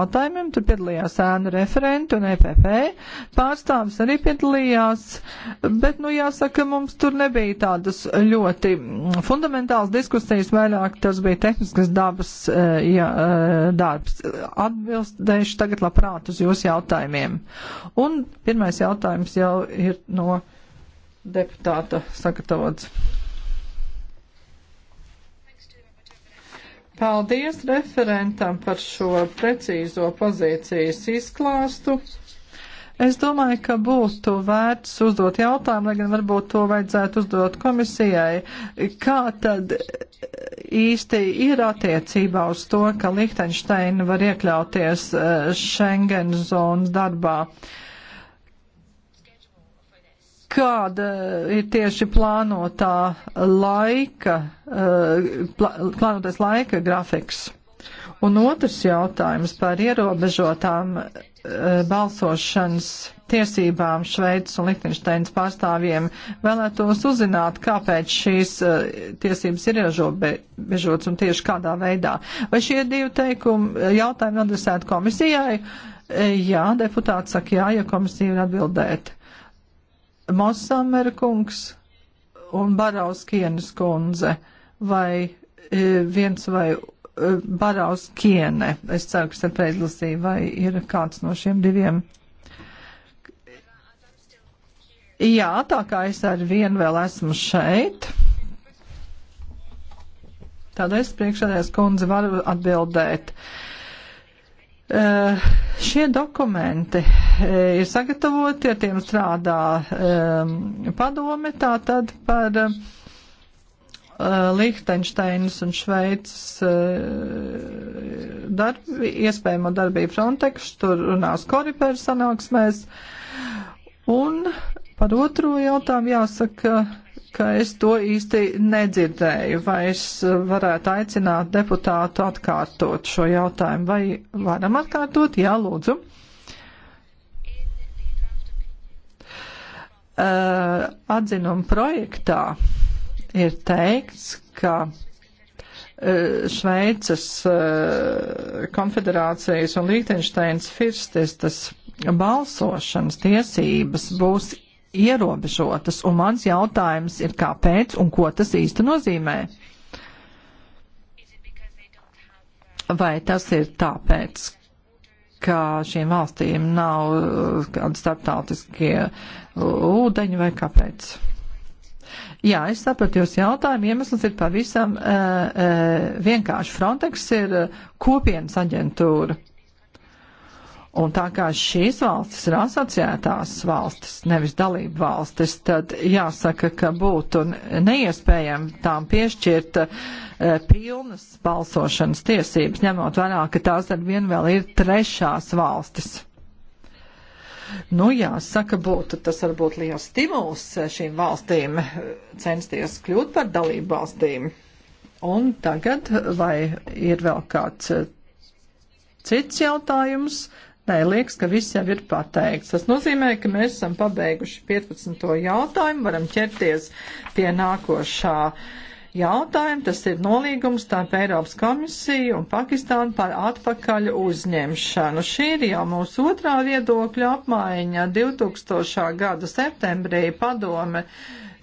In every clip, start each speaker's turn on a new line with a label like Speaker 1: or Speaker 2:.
Speaker 1: jautājumiem. Tur piedalījās ēnu referenti un EPP pārstāvis arī piedalījās, bet, nu, jāsaka, mums tur nebija tādas ļoti mm, fundamentālas diskusijas, vairāk tas bija tehniskas dabas e, jā, e, darbs. Atbildēšu tagad labprāt uz jūsu jautājumiem. Un pirmais jautājums jau ir no deputāta sagatavots. Paldies referentam par šo precīzo pozīcijas izklāstu. Es domāju, ka būtu vērts uzdot jautājumu, lai gan varbūt to vajadzētu uzdot komisijai. Kā tad īsti ir attiecībā uz to, ka Lihtenšteina var iekļauties eh, Schengen zonas darbā? Uh, kāda ir tieši plānotā laika, eh, plā, plānotais laika grafiks? Un otrs jautājums par ierobežotām eh, balsošanas tiesībām Šveicis un Lichtensteins pārstāvjiem vēlētos uzzināt, kāpēc šīs eh, tiesības ir ierobežotas un tieši kādā veidā. Vai šie divi teikumi jautājumi adresēt komisijai? Jā, deputāts saka jā, ja komisija ir atbildēt. Mosamer kungs un Barauskienes kundze vai e, viens vai e, Barauskiene. Es ceru, ka starp aizlasīju, vai ir kāds no šiem diviem. Jā, tā kā es ar vienu vēl esmu šeit. Tādēļ es priekšādājās kundze varu atbildēt. Uh, Uh, šie dokumenti uh, ir sagatavoti, ar tiem strādā um, padome, tātad par uh, Lihtenšteinas un Šveicas darbi, iespējamo darbību Frontex, tur runās koripēra sanāksmēs. Un par otro jautājumu jāsaka, ka es to īsti nedzirdēju, vai es varētu aicināt deputātu atkārtot šo jautājumu, vai varam atkārtot? Jā, lūdzu. Uh, atzinuma projektā ir teikts, ka eh, Šveices eh, konfederācijas un Liechtensteins firstistas balsošanas tiesības būs ierobežotas, un mans jautājums ir, kāpēc un ko tas īsti nozīmē? Vai tas ir tāpēc, ka šīm valstīm nav uh, kādi starptautiskie uh, ūdeņi vai kāpēc? Jā, es sapratu jūsu jautājumu. Iemesls ir pavisam uh, uh, vienkārši. Frontex ir uh, kopienas aģentūra. Uh, Un tā kā šīs valstis ir asociētās valstis, nevis dalību valstis, tad jāsaka, ka būtu neiespējami tām piešķirt uh, pilnas balsošanas tiesības, ņemot vērā, ka tās ar vienu vēl ir trešās valstis. Nu, jāsaka, būtu tas varbūt liels stimuls šīm valstīm eh, censties kļūt par dalību valstīm. Un tagad, vai ir vēl kāds eh, cits jautājums? Nē, liekas, ka viss jau ir pateikts. Tas nozīmē, ka mēs esam pabeiguši 15. jautājumu, varam ķerties pie nākošā jautājuma. Tas ir nolīgums starp Eiropas komisiju un Pakistānu par atpakaļ uzņemšanu. Šī ir jau mūsu otrā viedokļa apmaiņa. 2000. gada septembrī padome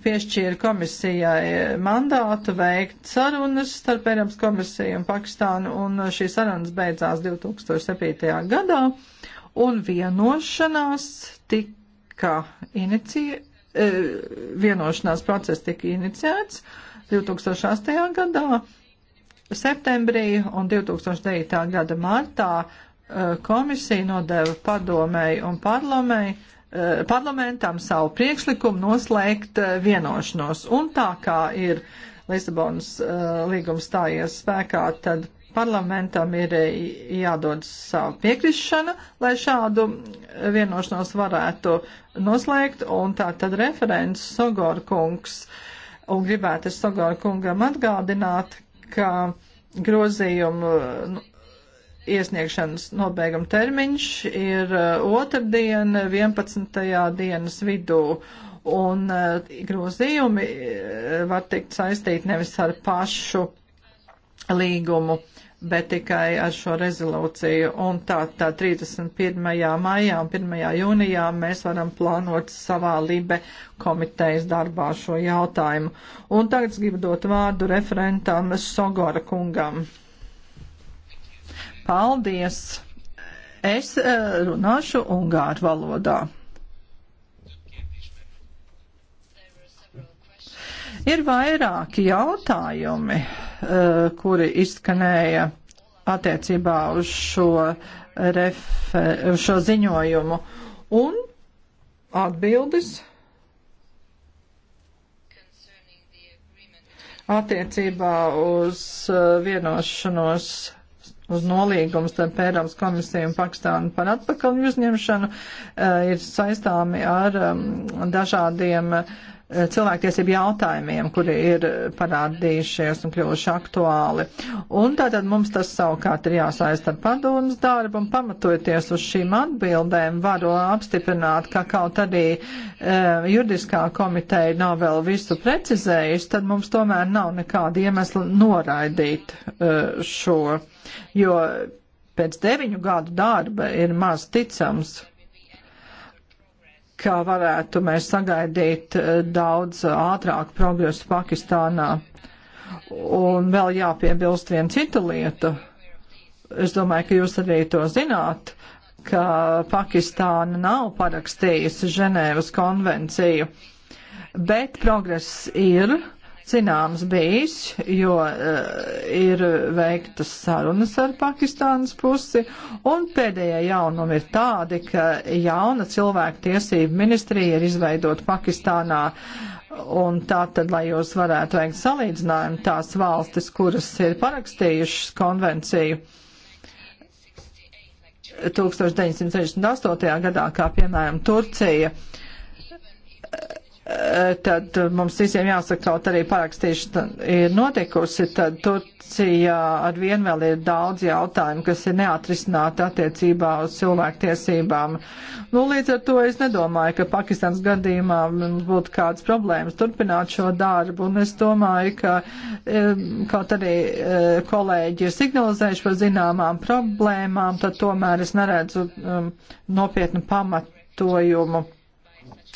Speaker 1: piešķīra komisijai mandātu veikt sarunas starp Eiropas komisiju un Pakistānu, un šīs sarunas beidzās 2007. gadā un vienošanās tika inicie, vienošanās process tika iniciēts 2008. gadā septembrī un 2009. gada martā e, komisija nodeva padomēji un parlamentai e, parlamentam savu priekšlikumu noslēgt e, vienošanos. Un tā kā ir Lisabonas uh, līgums stājies spēkā, tad Parlamentam ir eh, jādod savu piekrišanu, lai šādu vienošanos varētu noslēgt, un tā tad referents Sogorkungs, un gribētu es Sogorkungam atgādināt, ka grozījumu nu, iesniegšanas nobeiguma termiņš ir eh, otrdien, 11. dienas vidū un eh, grozījumi var tikt saistīti nevis ar pašu līgumu, bet tikai ar šo rezolūciju. Un tā, tā 31. maijā un 1. jūnijā mēs varam plānot savā Libe komitejas darbā šo jautājumu. Un tagad gribu dot vārdu referentam Sogora kungam. Paldies! Es eh, runāšu ungāru valodā. Ir vairāki jautājumi Eh, kuri izskanēja attiecībā uz šo, refer, uz šo ziņojumu. Un atbildes attiecībā uz eh, vienošanos uz nolīgumu starp Eiropas komisiju un Pakistānu par atpakaļ uzņemšanu eh, ir saistāmi ar dažādiem uh, cilvēktiesību jautājumiem, kuri ir parādījušies un kļuvuši aktuāli. Un tātad mums tas savukārt ir jāsaista ar padomus darbu un pamatojoties uz šīm atbildēm varu apstiprināt, ka kaut arī e, juridiskā komiteja nav vēl visu precizējusi, tad mums tomēr nav nekāda iemesla noraidīt e, šo, jo pēc deviņu gadu darba ir maz ticams, ka varētu mēs sagaidīt eh, daudz eh, ātrāk progresu Pakistānā. Un vēl jāpiebilst viena cita lieta. Es domāju, ka jūs arī to zināt, ka Pakistāna nav parakstījusi Ženēvas konvenciju, bet progress ir zināms bijis, jo uh, ir veiktas sarunas ar Pakistānas pusi, un pēdējie jaunumi ir tādi, ka jauna cilvēku tiesību ministrija ir izveidot Pakistānā, un tā tad, lai jūs varētu veikt salīdzinājumu, tās valstis, kuras ir parakstījušas konvenciju. 1968. gadā, kā piemēram Turcija, uh, Eh, tad eh, mums visiem jāsaka, kaut arī parakstīšana ir notikusi, tad Turcijā ar vien vēl ir daudz jautājumu, kas ir neatrisināti attiecībā uz cilvēktiesībām. Nu, līdz ar to es nedomāju, ka Pakistans gadījumā mums būtu kādas problēmas turpināt šo darbu, un es domāju, ka eh, kaut arī kolēģi ir signalizējuši par zināmām problēmām, tad tomēr es neredzu um, nopietnu pamatojumu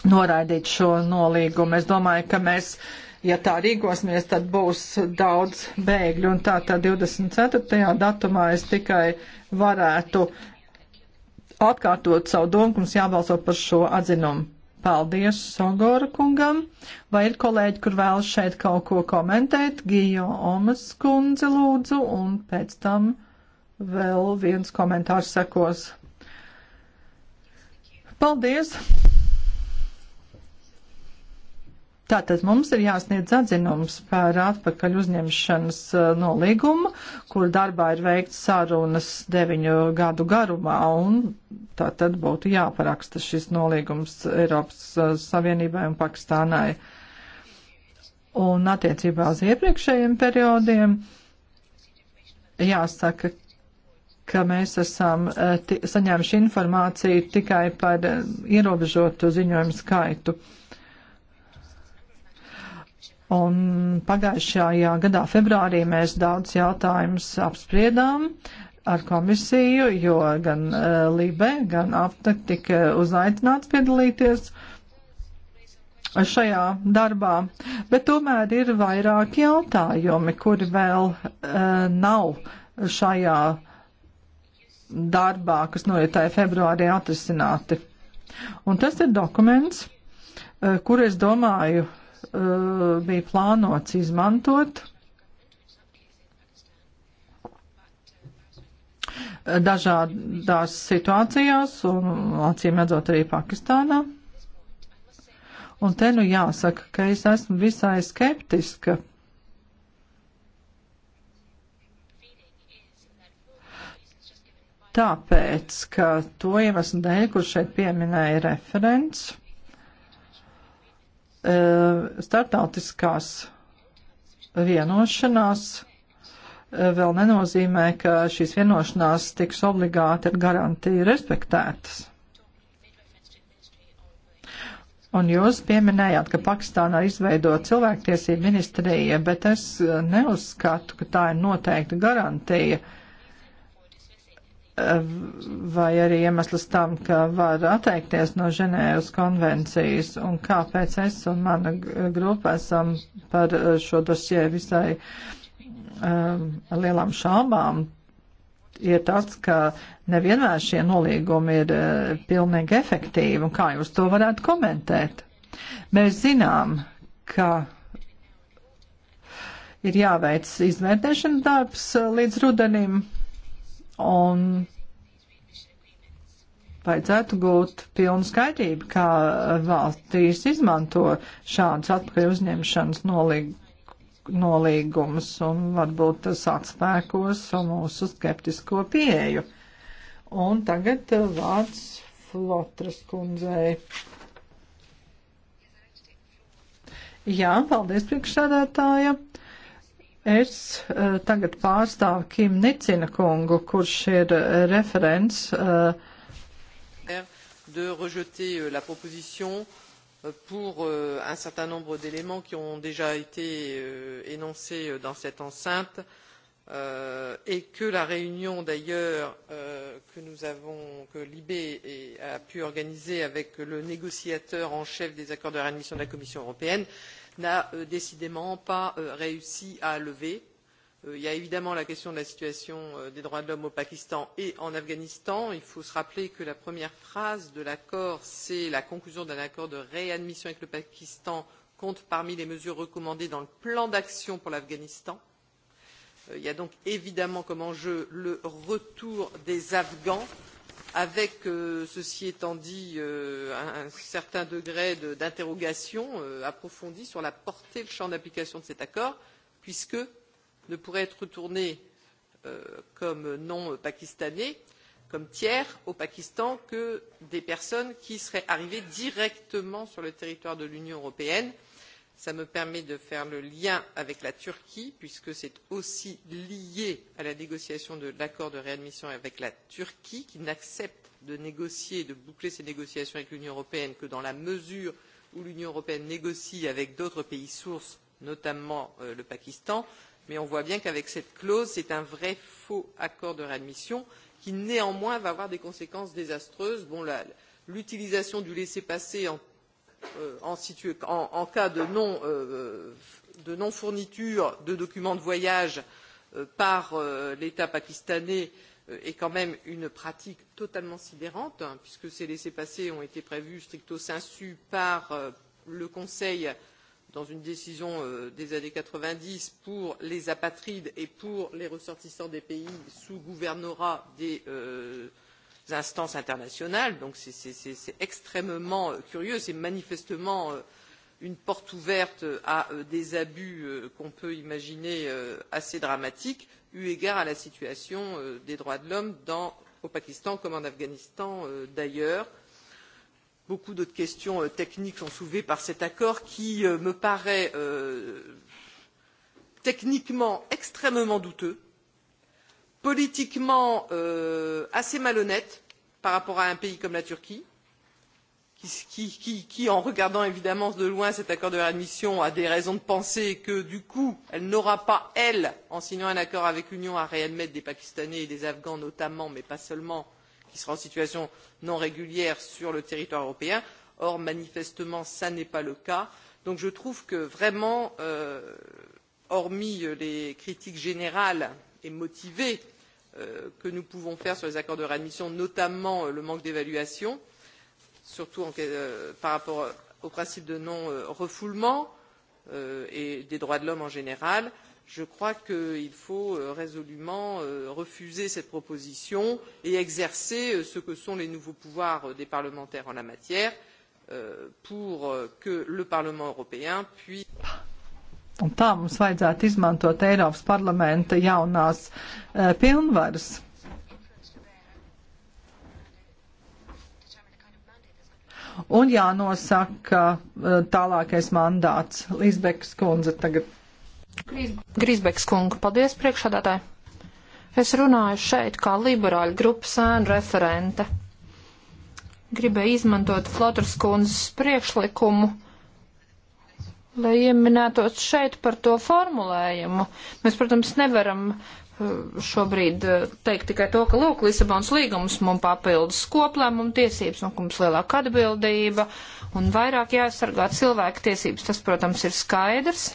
Speaker 1: noraidīt šo nolīgumu. Es domāju, ka mēs, ja tā rīkosimies, tad būs daudz bēgļu. Un tā tā 24. datumā es tikai varētu atkārtot savu domu, ka mums jābalso par šo atzinumu. Paldies Sogora kungam. Vai ir kolēģi, kur vēl šeit kaut ko komentēt? Gijo Omas kundze lūdzu, un pēc tam vēl viens komentārs sekos. Paldies! Tātad mums ir jāsniedz atzinums par atpakaļ uzņemšanas uh, nolīgumu, kur darbā ir veikts sarunas deviņu gadu garumā, un tātad būtu jāparaksta šis nolīgums Eiropas uh, Savienībai un Pakistānai. Un attiecībā uz iepriekšējiem periodiem jāsaka, ka mēs esam uh, saņēmuši informāciju tikai par ierobežotu ziņojumu skaitu. Un pagājušajā gadā februārī mēs daudz jautājumus apspriedām ar komisiju, jo gan uh, Libe, gan Apta tika uzaicināts piedalīties šajā darbā. Bet tomēr ir vairāk jautājumi, kuri vēl uh, nav šajā darbā, kas noritēja februārī atrisināti. Un tas ir dokuments, uh, kur es domāju, uh, Uh, bija plānots izmantot. Dažādās situācijās, un acīm redzot arī Pakistānā. Un te nu jāsaka, ka es esmu visai skeptiska. Tāpēc, ka to iemeslu dēļ, kur šeit pieminēja referents E, startautiskās vienošanās e, vēl nenozīmē, ka šīs vienošanās tiks obligāti ar garantiju respektētas. Un jūs pieminējāt, ka Pakistānā izveido cilvēktiesību ministrija, bet es e, neuzskatu, ka tā ir noteikta garantija uh, vai arī iemesls tam, ka var atteikties no Ženēvas konvencijas un kāpēc es un mana grupa esam par eh, šo dosie visai um, lielām šaubām, ir tas, ka nevienmēr šie nolīgumi ir uh, pilnīgi efektīvi un kā jūs to varētu komentēt. Mēs zinām, ka ir jāveic izvērtēšana darbs eh, līdz rudenim un vajadzētu gūt pilnu skaidrību, kā valstīs izmanto šādus atpakaļ uzņemšanas nolīg, nolīgumus un varbūt tas atspēkos mūsu skeptisko pieeju. Un tagad uh, vārds Flotras kundzei. Jā, paldies priekšsēdētāja. Es uh, tagad pārstāvu Kim Nicina kungu, kurš ir uh, referents. Uh,
Speaker 2: de rejeter euh, la proposition euh, pour euh, un certain nombre d'éléments qui ont déjà été énoncés dans cette enceinte euh, euh, et que la réunion d'ailleurs euh, que nous avons que l'IB a pu organiser avec le négociateur en chef des accords de réadmission de la Commission européenne n'a euh, décidément pas euh, réussi à lever. Euh, il y a évidemment la question de la situation euh, des droits de l'homme au Pakistan et en Afghanistan. Il faut se rappeler que la première phrase de l'accord, c'est la conclusion d'un accord de réadmission avec le Pakistan compte parmi les mesures recommandées dans le plan d'action pour l'Afghanistan. Euh, Euh, il y a donc évidemment comme enjeu le retour des Afghans, avec, euh, ceci étant dit, euh, un, un certain degré d'interrogation de, euh, approfondie sur la portée, le champ d'application de cet accord, puisque ne pourraient être retournés euh, comme non pakistanais, comme tiers au Pakistan, que des personnes qui seraient arrivées directement sur le territoire de l'Union européenne euh, ça me permet de faire le lien avec la Turquie, puisque c'est aussi lié à la négociation de l'accord de réadmission avec la Turquie, qui n'accepte de négocier, de boucler ses négociations avec l'Union européenne que dans la mesure où l'Union européenne négocie avec d'autres pays sources, notamment euh, le Pakistan. Mais on voit bien qu'avec cette clause, c'est un vrai faux accord de réadmission qui néanmoins va avoir des conséquences désastreuses. Bon, L'utilisation du laissez-passer en Euh, en, situ... en, en cas de non, euh, de non fourniture de documents de voyage euh, par euh, l'État pakistanais euh, est quand même une pratique totalement sidérante, hein, puisque ces laissés-passer ont été prévus stricto sensu par euh, le Conseil dans une décision euh, des années 90 pour les apatrides et pour les ressortissants des pays sous gouvernorat des euh, instances internationales. Donc c'est extrêmement euh, curieux, c'est manifestement euh, une porte ouverte à euh, des abus qu'on peut imaginer assez dramatiques, eu égard à la situation des droits de l'homme au Pakistan comme en Afghanistan d'ailleurs. Beaucoup d'autres questions techniques sont soulevées par cet accord qui me paraît techniquement extrêmement douteux politiquement euh, assez malhonnête par rapport à un pays comme la Turquie, qui, qui, qui, qui, en regardant évidemment de loin cet accord de réadmission, a des raisons de penser que, du coup, elle n'aura pas, elle, en signant un accord avec l'Union, à réadmettre des Pakistanais et des Afghans notamment, mais pas seulement, qui seraient en situation non régulière sur le territoire européen. Or, manifestement, ça n'est pas le cas. Donc je trouve que vraiment, euh, hormis les critiques générales et motivée euh, que nous pouvons faire sur les accords de réadmission notamment euh, le manque d'évaluation surtout en, euh, par rapport au principe de non refoulement et des droits de l'homme en général je crois qu'il faut résolument refuser cette proposition et exercer ce que sont les nouveaux pouvoirs des parlementaires en la matière pour que le parlement européen puisse
Speaker 1: Un tā mums vajadzētu izmantot Eiropas parlamenta jaunās uh, pilnvaras. Un jānosaka uh, tālākais mandāts. Līsbekas kundze tagad. Grīsbekas kunga, paldies priekšādātāji. Es runāju
Speaker 3: šeit kā liberāļu grupas sēnu referente. Gribēju izmantot Flotras kundzes priekšlikumu lai ieminētos šeit par to formulējumu. Mēs, protams, nevaram uh, šobrīd uh, teikt tikai to, ka, lūk, Lisabons līgums mums papildus koplēmumu tiesības, un mums lielāka atbildība, un vairāk jāsargā cilvēku tiesības. Tas, protams, ir skaidrs.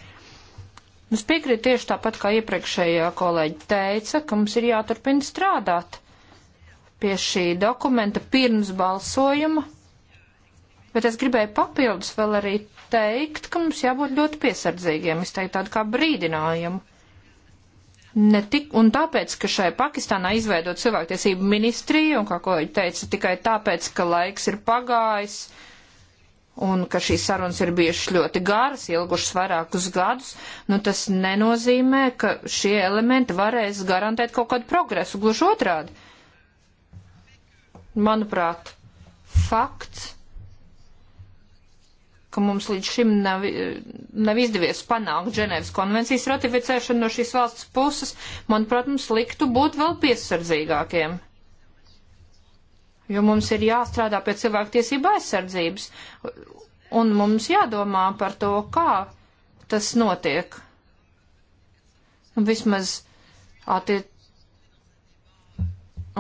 Speaker 3: Es piekrītu tieši tāpat, kā iepriekšējā kolēģi teica, ka mums ir jāturpina strādāt pie šī dokumenta pirms balsojuma Bet es gribēju papildus vēl arī teikt, ka mums jābūt ļoti piesardzīgiem, es teiktu tādu kā brīdinājumu. Ne tik, un tāpēc, ka šai Pakistānā izveidot cilvēktiesību ministriju, un kā kolēģi teica, tikai tāpēc, ka laiks ir pagājis, un ka šīs sarunas ir bijušas ļoti garas, ilgušas vairākus gadus, nu tas nenozīmē, ka šie elementi varēs garantēt kaut kādu progresu, gluži otrādi. Manuprāt, fakts ka mums līdz šim nav, nav izdevies panākt Ženēvas konvencijas ratificēšanu no šīs valsts puses, manuprāt, mums liktu būt vēl piesardzīgākiem. Jo mums ir jāstrādā pie cilvēktiesība aizsardzības, un mums jādomā par to, kā tas notiek. Vismaz attiec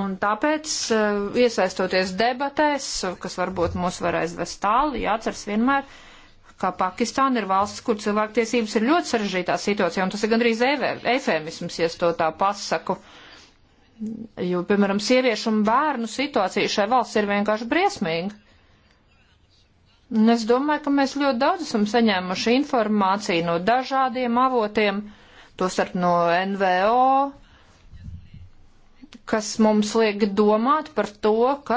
Speaker 3: Un tāpēc, eh, iesaistoties debatēs, kas varbūt mūs var aizvest tālu, jāatceras vienmēr, ka Pakistāna ir valsts, kur cilvēktiesības ir ļoti sarežģītā situācijā, un tas ir gandrīz efēmisms, ja to tā pasaku. Jo, piemēram, sieviešu un bērnu situācija šai valsts ir vienkārši briesmīga. Un es domāju, ka mēs ļoti daudz esam saņēmuši informāciju no dažādiem avotiem, tostarp no NVO, kas mums liek domāt par to, ka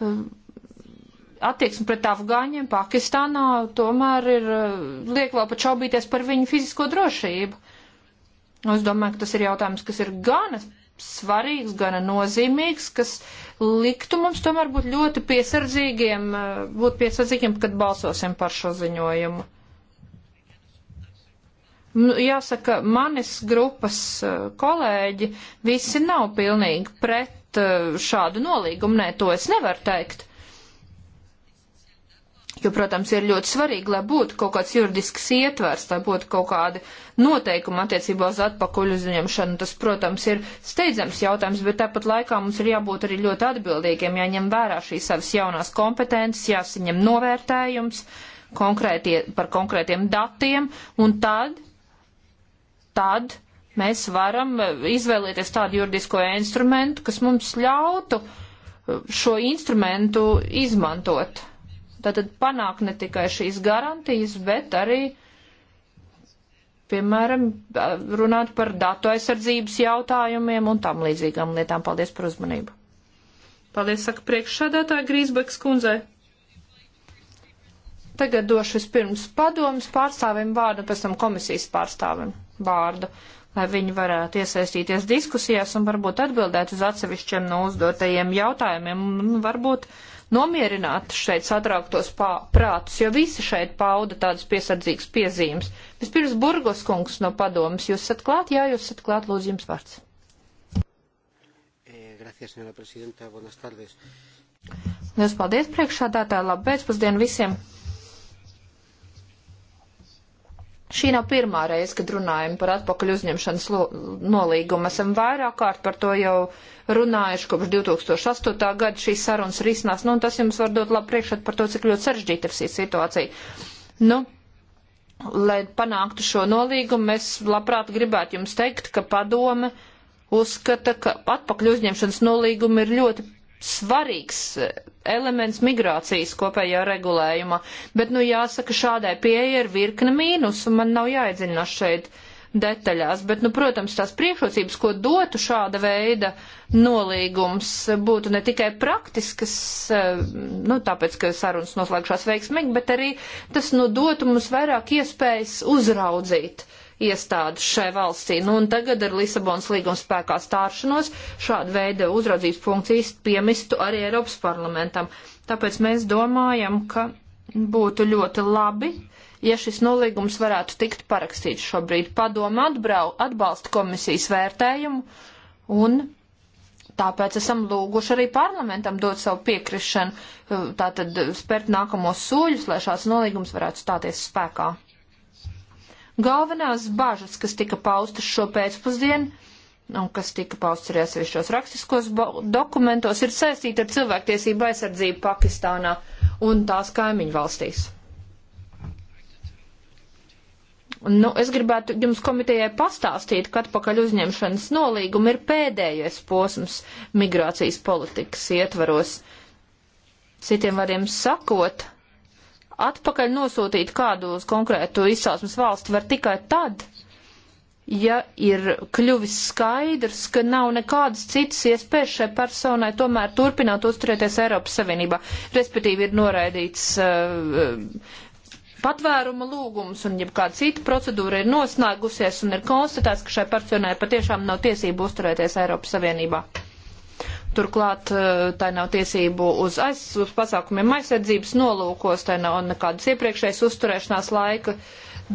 Speaker 3: um, attieksme pret afgāņiem Pakistānā tomēr ir uh, liek vēl pat šaubīties par viņu fizisko drošību. Es domāju, ka tas ir jautājums, kas ir gana svarīgs, gana nozīmīgs, kas liktu mums tomēr būt ļoti piesardzīgiem, uh, būt piesardzīgiem, kad balsosim par šo ziņojumu. Jāsaka, manis grupas eh, kolēģi visi nav pilnīgi pret eh, šādu nolīgumu. Nē, to es nevaru teikt. Jo, protams, ir ļoti svarīgi, lai būtu kaut kāds juridisks ietvers, lai būtu kaut kādi noteikumi attiecībā uz atpakaļ uzņemšanu. Tas, protams, ir steidzams jautājums, bet tāpat laikā mums ir jābūt arī ļoti atbildīgiem, jāņem vērā šīs savas jaunās kompetences, jāsaņem novērtējums konkrētie, par konkrētiem datiem, un tad tad mēs varam eh, izvēlēties tādu juridisko instrumentu, kas mums ļautu eh, šo instrumentu izmantot. Tātad panāk ne tikai šīs garantijas, bet arī, piemēram, eh, runāt par datu aizsardzības jautājumiem un tam līdzīgām lietām. Paldies par uzmanību. Paldies, saka priekšsādātāja Grīsbeks kundzei. Tagad došu vispirms padomus pārstāvim vārdu, pēc tam komisijas pārstāvim vārdu, lai viņi varētu iesaistīties diskusijās un varbūt atbildēt uz atsevišķiem no uzdotajiem jautājumiem un varbūt nomierināt šeit satrauktos pā, prātus, jo visi šeit pauda tādas piesardzīgas piezīmes. Vispirms Burgos kungs no padomas, jūs esat klāt, jā, jūs esat klāt, lūdzu jums vārds.
Speaker 2: Eh, gracias, señora presidenta. Buenas tardes.
Speaker 3: Lielas paldies priekšādātāji. Labu pēcpusdienu visiem. Šī nav pirmā reize, kad runājam par atpakaļ uzņemšanas nolīgumu. Esam vairāk kārt par to jau runājuši kopš 2008. gada šīs sarunas risinās. Nu, un tas jums var dot labu priekšstatu par to, cik ļoti sarežģīta ir šī situācija. Nu, lai panāktu šo nolīgumu, mēs labprāt gribētu jums teikt, ka padome uzskata, ka atpakaļ uzņemšanas nolīgumi ir ļoti svarīgs eh, elements migrācijas kopējā regulējumā, bet, nu, jāsaka, šādai pieeja ir virkne mīnus, un man nav jāiedzinās šeit detaļās, bet, nu, protams, tās priekšrocības, ko dotu šāda veida nolīgums, būtu ne tikai praktiskas, eh, nu, tāpēc, ka sarunas noslēgšās veiksmīgi, bet arī tas, nu, dotu mums vairāk iespējas uzraudzīt uh, iestādes šai valstī. Nu, un tagad ar Lisabonas līguma spēkā stāšanos šāda veida uzraudzības funkcijas piemistu arī Eiropas parlamentam. Tāpēc mēs domājam, ka būtu ļoti labi, ja šis nolīgums varētu tikt parakstīts šobrīd. Padoma atbrau, atbalsta komisijas vērtējumu un tāpēc esam lūguši arī parlamentam dot savu piekrišanu, tātad spērt nākamos soļus, lai šāds nolīgums varētu stāties spēkā. Galvenās bažas, kas tika paustas šo pēcpusdienu, un kas tika pausts arī atsevišķos rakstiskos dokumentos, ir saistīta ar cilvēktiesību aizsardzību Pakistānā un tās kaimiņu valstīs. Nu, es gribētu jums komitejai pastāstīt, ka atpakaļ uzņemšanas nolīguma ir pēdējais posms migrācijas politikas ietvaros. Citiem vārdiem sakot, atpakaļ nosūtīt kādu uz konkrētu izcelsmes valsti var tikai tad, ja ir kļuvis skaidrs, ka nav nekādas citas iespējas šai personai tomēr turpināt uzturēties Eiropas Savienībā, respektīvi ir noraidīts uh, patvēruma lūgums un jebkāda cita procedūra ir nosnāgusies un ir konstatēts, ka šai personai patiešām nav tiesību uzturēties Eiropas Savienībā. Turklāt eh, tai nav tiesību uz, aiz, uz pasākumiem aizsardzības nolūkos, tai nav nekādas iepriekšējas uzturēšanās laika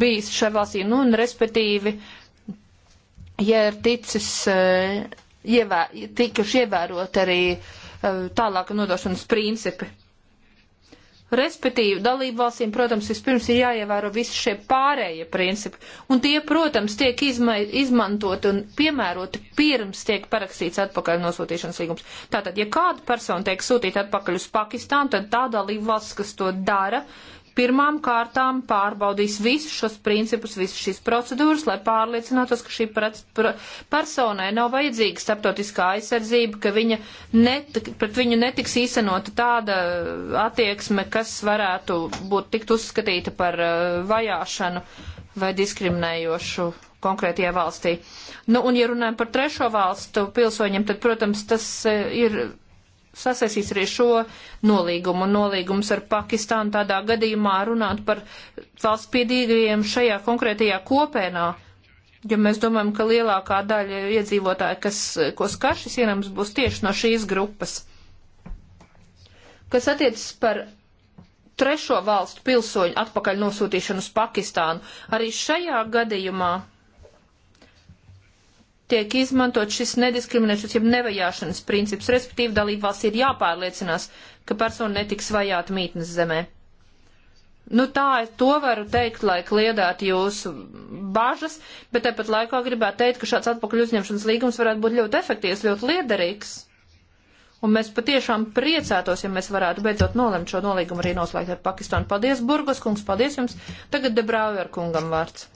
Speaker 3: bijis šai valstī. Nu, un, respektīvi, ja ir ticis, eh, ievē, tikuši ievērot arī eh, tālāka nodošanas principi. Respektīvi, dalību valstīm, protams, vispirms ir jāievēro visi šie pārējie principi, un tie, protams, tiek izma izmantoti un piemēroti pirms tiek parakstīts atpakaļ nosūtīšanas līgums. Tātad, ja kāda persona tiek sūtīta atpakaļ uz Pakistānu, tad tā dalību valsts, kas to dara, pirmām kārtām pārbaudīs visus šos principus, visas šīs procedūras, lai pārliecinātos, ka šī personai nav vajadzīga starptautiskā aizsardzība, ka viņa net, pret viņu netiks īstenota tāda uh, attieksme, kas varētu būt tikt uzskatīta par uh, vajāšanu vai diskriminējošu konkrētajā valstī. Nu, un ja runājam par trešo valstu pilsoņiem, tad, protams, tas uh, ir sasaistīs arī šo nolīgumu un nolīgums ar Pakistānu tādā gadījumā runāt par valsts piedīgajiem šajā konkrētajā kopienā. Ja mēs domājam, ka lielākā daļa iedzīvotāji, kas, ko skar šis ienams, būs tieši no šīs grupas. Kas attiecas par trešo valstu pilsoņu atpakaļ nosūtīšanu uz Pakistānu, arī šajā gadījumā tiek izmantot šis nediskriminēšanas, jeb nevajāšanas princips, respektīvi dalību valsts ir jāpārliecinās, ka persona netiks vajāta mītnes zemē. Nu tā, to varu teikt, lai kliedētu jūsu bažas, bet tāpat laikā gribētu teikt, ka šāds atpakaļ uzņemšanas līgums varētu būt ļoti efektīvs, ļoti liederīgs. Un mēs patiešām priecētos, ja mēs varētu beidzot nolemt šo nolīgumu arī noslēgt ar Pakistānu. Paldies, Burgos kungs, paldies jums. Tagad Debrauer kungam vārds.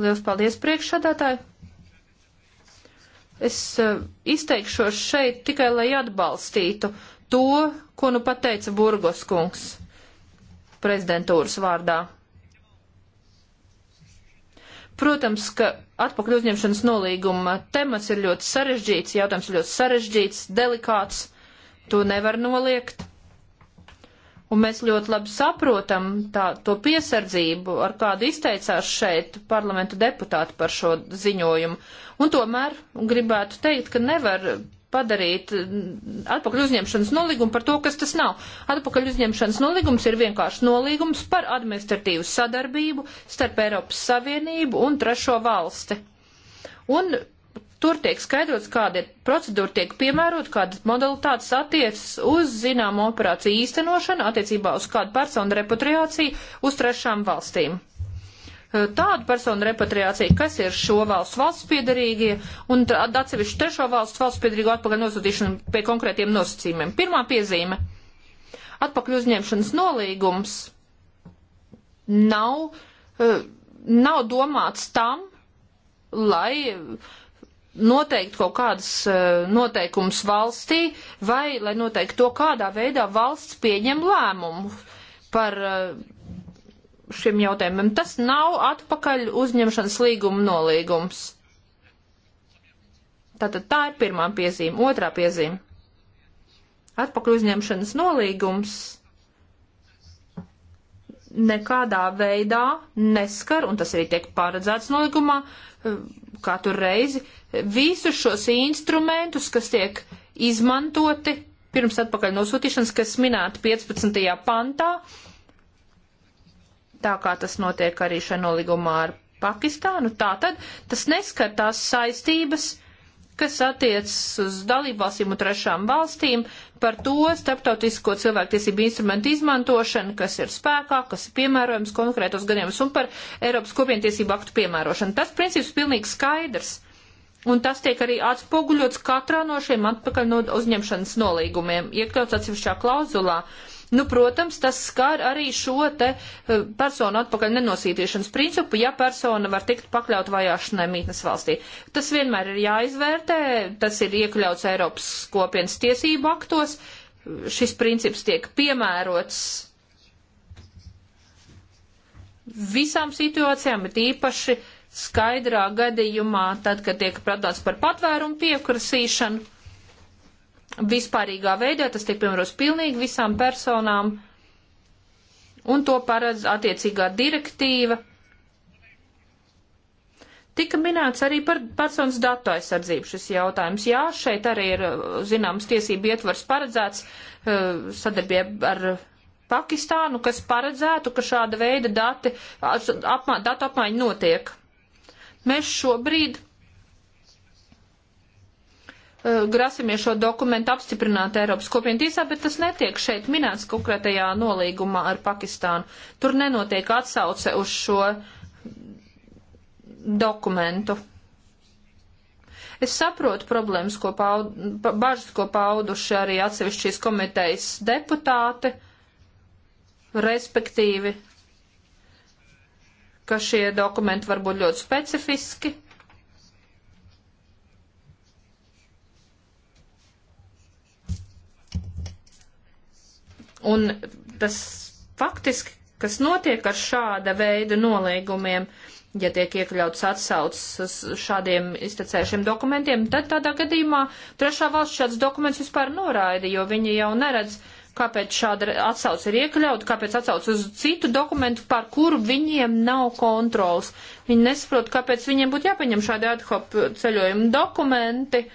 Speaker 3: Liels paldies priekšsādātāji! Es uh, izteikšos šeit tikai, lai atbalstītu to, ko nu pateica Burgos kungs prezidentūras vārdā. Protams, ka atpakaļ uzņemšanas nolīguma temats ir ļoti sarežģīts, jautājums ir ļoti sarežģīts, delikāts, to nevar noliegt. Un mēs ļoti labi saprotam tā, to piesardzību, ar kādu izteicās šeit parlamentu deputāti par šo ziņojumu. Un tomēr gribētu teikt, ka nevar padarīt atpakaļ uzņemšanas nolīgumu par to, kas tas nav. Atpakaļ uzņemšanas nolīgums ir vienkārši nolīgums par administratīvu sadarbību starp Eiropas Savienību un trešo valsti. Un Tur tiek skaidrots, kāda ir procedūra tiek piemērot, kāda modalitātes attiecas uz zināmu operāciju īstenošanu attiecībā uz kādu personu repatriāciju uz trešām valstīm. Eh, tādu personu repatriāciju, kas ir šo valstu valsts piedarīgie un atsevišķu trešo valstu valsts piedarīgo atpakaļ nosūtīšanu pie konkrētiem nosacījumiem. Pirmā piezīme - atpakaļ uzņemšanas nolīgums nav, eh, nav domāts tam, lai noteikt kaut kādas eh, noteikumus valstī vai lai noteikti to, kādā veidā valsts pieņem lēmumu par eh, šiem jautājumiem. Tas nav atpakaļ uzņemšanas līguma nolīgums. Tātad tā ir pirmā piezīme. Otrā piezīme. Atpakaļ uzņemšanas nolīgums nekādā veidā neskar, un tas arī tiek paredzēts nolikumā, eh, katru reizi, visus šos instrumentus, kas tiek izmantoti pirms atpakaļ nosūtīšanas, kas minēti 15. pantā, tā kā tas notiek arī šajā nolīgumā ar Pakistānu, tā tad tas neskar tās saistības, uh, kas attiecas uz dalībvalstīm un trešām valstīm par to starptautisko cilvēktiesību instrumentu izmantošanu, kas ir spēkā, kas ir piemērojams konkrētos gadījumos un par Eiropas kopientiesību aktu piemērošanu. Tas princips pilnīgi skaidrs. Un tas tiek arī atspoguļots katrā no šiem atpakaļ no uzņemšanas nolīgumiem, iekļauts atsevišķā klauzulā. Uh, Nu, protams, tas skar arī šo te eh, personu atpakaļ nenosītīšanas principu, ja persona var tikt pakļaut vajāšanai mītnes valstī. Tas vienmēr ir jāizvērtē, tas ir iekļauts Eiropas kopienas tiesību aktos, šis princips tiek piemērots visām situācijām, bet īpaši skaidrā gadījumā, tad, kad tiek pradāts par patvērumu piekrasīšanu vispārīgā veidā, tas tiek piemērots pilnīgi visām personām, un to paredz attiecīgā direktīva. Tika minēts arī par personas datu aizsardzību šis jautājums. Jā, šeit arī ir zināms tiesību ietvars paredzēts eh, sadarbība ar Pakistānu, kas paredzētu, ka šāda veida dati, apmā, datu apmaiņa notiek. Mēs šobrīd Eh, grasamies šo dokumentu apstiprināt Eiropas kopienu tiesā, bet tas netiek šeit minēts konkrētajā nolīgumā ar Pakistānu. Tur nenotiek atsauce uz šo dokumentu. Es saprotu problēmas, ko paud, bažas, ko pauduši arī atsevišķīs komitejas deputāti, respektīvi, ka šie dokumenti var būt ļoti specifiski Un tas faktiski, kas notiek ar šāda veida nolīgumiem, ja tiek iekļauts atsaucas uz šādiem iztecējušiem dokumentiem, tad tādā gadījumā trešā valsts šāds dokuments vispār noraida, jo viņi jau neredz, kāpēc šāda atsauce ir iekļauta, kāpēc atsauc uz citu dokumentu, par kuru viņiem nav kontrols. Viņi nesaprot, kāpēc viņiem būtu jāpieņem šādi ad hoc ceļojuma dokumenti,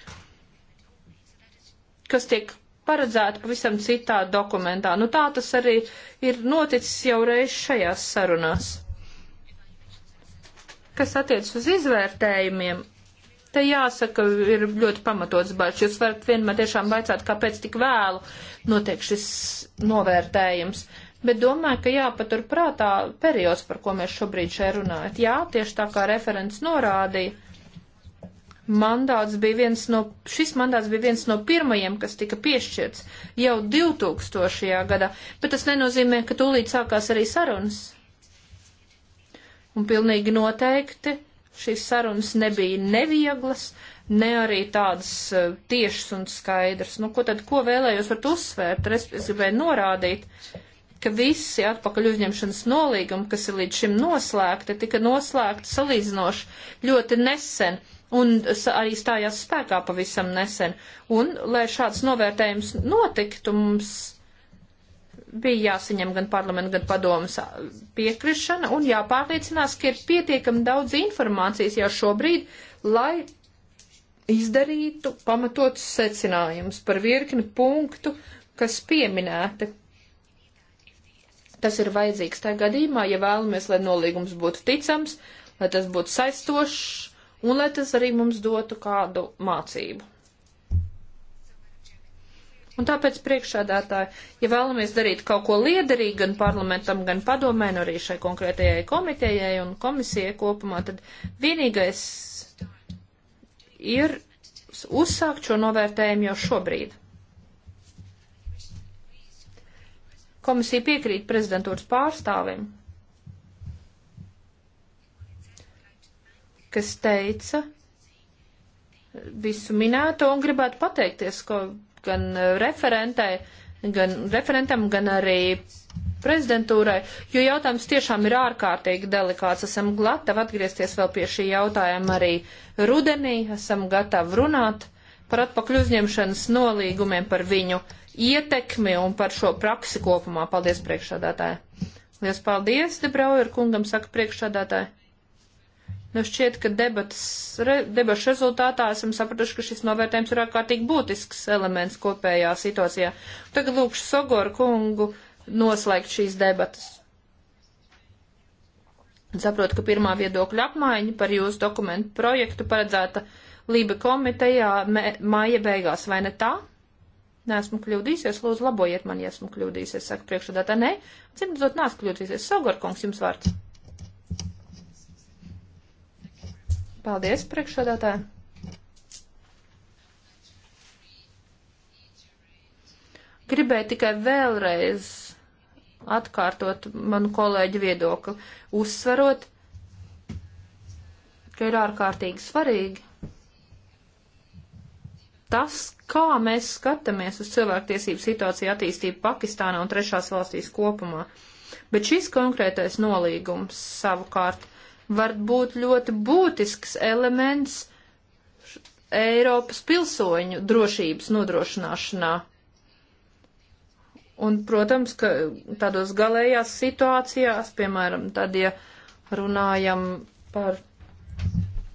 Speaker 3: kas tiek paredzēta pavisam citā dokumentā. Nu tā tas arī ir noticis jau reiz šajās sarunās. Kas attiec uz izvērtējumiem, te jāsaka, ir ļoti pamatots bažas. Jūs varat vienmēr tiešām baicāt, kāpēc tik vēlu notiek šis novērtējums. Bet domāju, ka jāpatur prātā periods, par ko mēs šobrīd šeit runājam. Jā, tieši tā kā referents norādīja, mandāts bija viens no, šis mandāts bija viens no pirmajiem, kas tika piešķirts jau 2000. gadā, bet tas nenozīmē, ka tūlīt sākās arī sarunas. Un pilnīgi noteikti šīs sarunas nebija nevieglas, ne arī tādas eh, tiešas un skaidras. Nu, ko tad, ko vēlējos ar to uzsvērt? Es, es gribēju norādīt, ka visi atpakaļ uzņemšanas nolīgumi, kas ir līdz šim noslēgti, tika noslēgti salīdzinoši ļoti nesen un arī stājās spēkā pavisam nesen. Un, lai šāds novērtējums notiktu, mums bija jāsaņem gan parlamenta, gan padomas piekrišana un jāpārliecinās, ka ir pietiekami daudz informācijas jau šobrīd, lai izdarītu pamatotus secinājumus par virkni punktu, kas pieminēti. Tas ir vajadzīgs tajā gadījumā, ja vēlamies, lai nolīgums būtu ticams, lai tas būtu saistošs, un lai tas arī mums dotu kādu mācību. Un tāpēc priekšādātāji, ja vēlamies darīt kaut ko liederīgu gan parlamentam, gan padomē, nu arī šai konkrētajai komitejai un komisijai kopumā, tad vienīgais ir uzsākt šo novērtējumu jau šobrīd. Komisija piekrīt prezidentūras pārstāvim kas teica visu minēto un gribētu pateikties, ko gan referentē, gan referentam, gan arī prezidentūrai, jo jautājums tiešām ir ārkārtīgi delikāts. Esam gatavi atgriezties vēl pie šī jautājuma arī rudenī, esam gatavi runāt par atpakaļ uzņemšanas nolīgumiem, par viņu ietekmi un par šo praksi kopumā. Paldies priekšādātāji! Liels paldies, Debrauer kungam, saka priekšādātāji! Nu šķiet, ka debatas, re, debašu rezultātā esam sapratuši, ka šis novērtējums ir ārkārtīgi būtisks elements kopējā situācijā. Tagad lūkšu Sogoru kungu noslēgt šīs debatas. Saprotu, ka pirmā viedokļa apmaiņa par jūsu dokumentu projektu paredzēta Lība komitejā māja beigās, vai ne tā? neesmu kļūdīsies, lūdzu labojiet man, ja esmu kļūdīsies, saka priekšsēdētā, nē, cimdzot, neesmu kļūdīsies, Sogorkungs, jums vārds. Paldies, priekšsādātāji! Gribēju tikai vēlreiz atkārtot manu kolēģu viedokli, uzsverot, ka ir ārkārtīgi svarīgi tas, kā mēs skatāmies uz cilvēktiesību situāciju attīstību Pakistānā un trešās valstīs kopumā. Bet šis konkrētais nolīgums savukārt var būt ļoti būtisks elements Eiropas pilsoņu drošības nodrošināšanā. Un, protams, ka tādos galējās situācijās, piemēram, tad, ja runājam par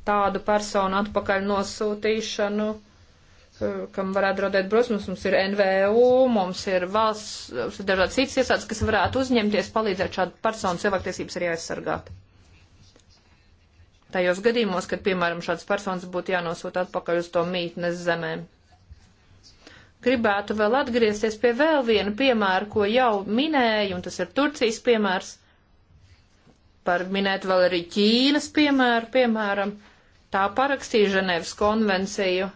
Speaker 3: tādu personu atpakaļ nosūtīšanu, eh, kam varētu radīt brosmas, mums ir NVU, mums ir valsts, mums ir dažādas citas iestādes, kas varētu uzņemties palīdzēt šādu personu cilvēktiesības arī aizsargāt tajos gadījumos, kad, piemēram, šāds personas būtu jānosūta atpakaļ uz to mītnes zemēm. Gribētu vēl atgriezties pie vēl viena piemēra, ko jau minēju, un tas ir Turcijas piemērs. Par minēt vēl arī Ķīnas piemēru, piemēram, tā parakstīja Ženēvas konvenciju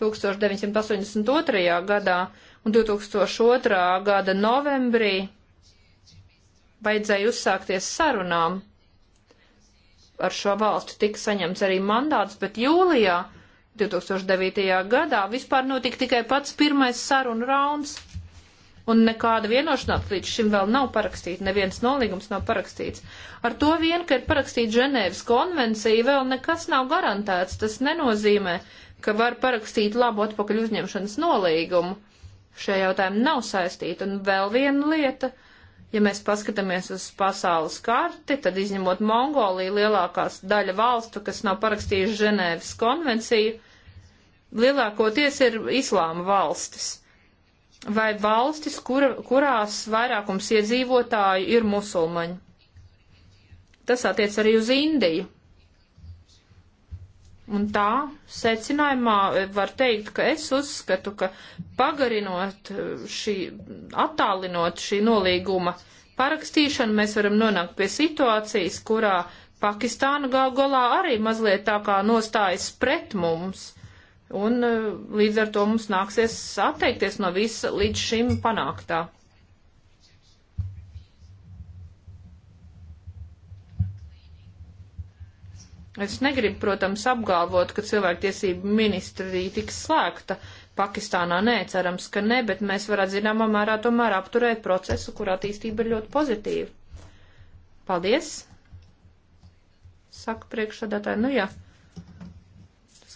Speaker 3: 1982. gadā un 2002. gada novembrī vajadzēja uzsākties sarunām ar šo valstu tika saņemts arī mandāts, bet jūlijā 2009. gadā vispār notika tikai pats pirmais sarunu rauns. Un nekāda vienošanās līdz šim vēl nav parakstīta, neviens nolīgums nav parakstīts. Ar to vien, ka ir parakstīta Ženēvas konvencija, vēl nekas nav garantēts. Tas nenozīmē, ka var parakstīt labu atpakaļ uzņemšanas nolīgumu. Šie jautājumi nav saistīti. Un vēl viena lieta Ja mēs paskatāmies uz pasaules karti, tad izņemot Mongoliju, lielākās daļa valstu, kas nav parakstījuši Ženēvas konvenciju, lielākoties ir islāma valstis vai valstis, kura, kurās vairākums iedzīvotāju ir musulmaņi. Tas attiec arī uz Indiju. Un tā secinājumā eh, var teikt, ka es uzskatu, ka pagarinot eh, šī, attālinot šī nolīguma parakstīšanu, mēs varam nonākt pie situācijas, kurā Pakistāna gal galā arī mazliet tā kā nostājas pret mums. Un eh, līdz ar to mums nāksies atteikties no visa līdz šim panāktā. Es negribu, protams, apgalvot, ka cilvēktiesību ministrija tiks slēgta Pakistānā. Nē, cerams, ka ne, bet mēs varētu zināmā mērā tomēr apturēt procesu, kur attīstība ir ļoti pozitīva. Paldies! Saka priekšsādātāji, nu jā. Ja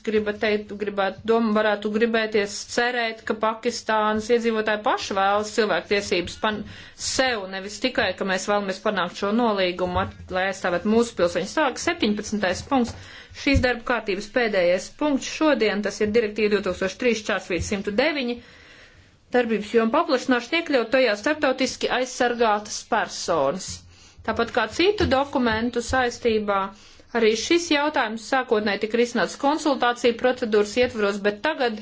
Speaker 3: gribat teikt, gribētu, doma varētu gribēties cerēt, ka Pakistānas iedzīvotāji paši vēlas cilvēktiesības pan sev, nevis tikai, ka mēs vēlamies panākt šo nolīgumu, at, lai aizstāvētu mūsu pilsoņus. Tālāk 17. punkts. Šīs darba kārtības pēdējais punkts šodien, tas ir direktīva 2003.409. Darbības joma paplašināšana iekļaut tajā starptautiski aizsargātas personas. Tāpat kā citu dokumentu saistībā Arī šis jautājums sākotnēji tika risināts konsultāciju procedūras ietvaros, bet tagad,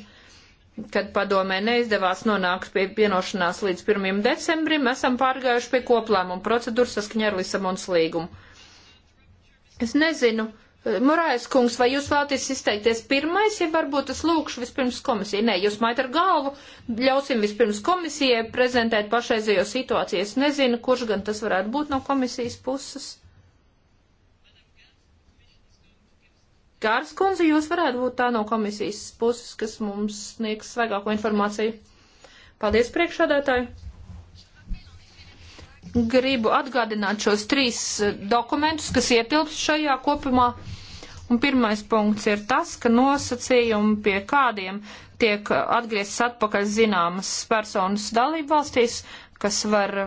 Speaker 3: kad padomē neizdevās nonākt pie vienošanās līdz 1. decembrim, esam pārgājuši pie koplēmuma procedūras saskaņā ar Lisabonas līgumu. Es nezinu, eh, Morais kungs, vai jūs vēlaties izteikties pirmais, ja varbūt es lūkšu vispirms komisiju? Nē, jūs mait ar galvu, ļausim vispirms komisijai prezentēt pašreizējo situāciju. Es nezinu, kurš gan tas varētu būt no komisijas puses. Kārs kundze, jūs varētu būt tā no komisijas puses, kas mums sniegs svaigāko informāciju. Paldies priekšādētāji! Gribu atgādināt šos trīs eh, dokumentus, kas ietilpst šajā kopumā. Un pirmais punkts ir tas, ka nosacījumi pie kādiem tiek atgrieztas atpakaļ zināmas personas dalību valstīs, kas var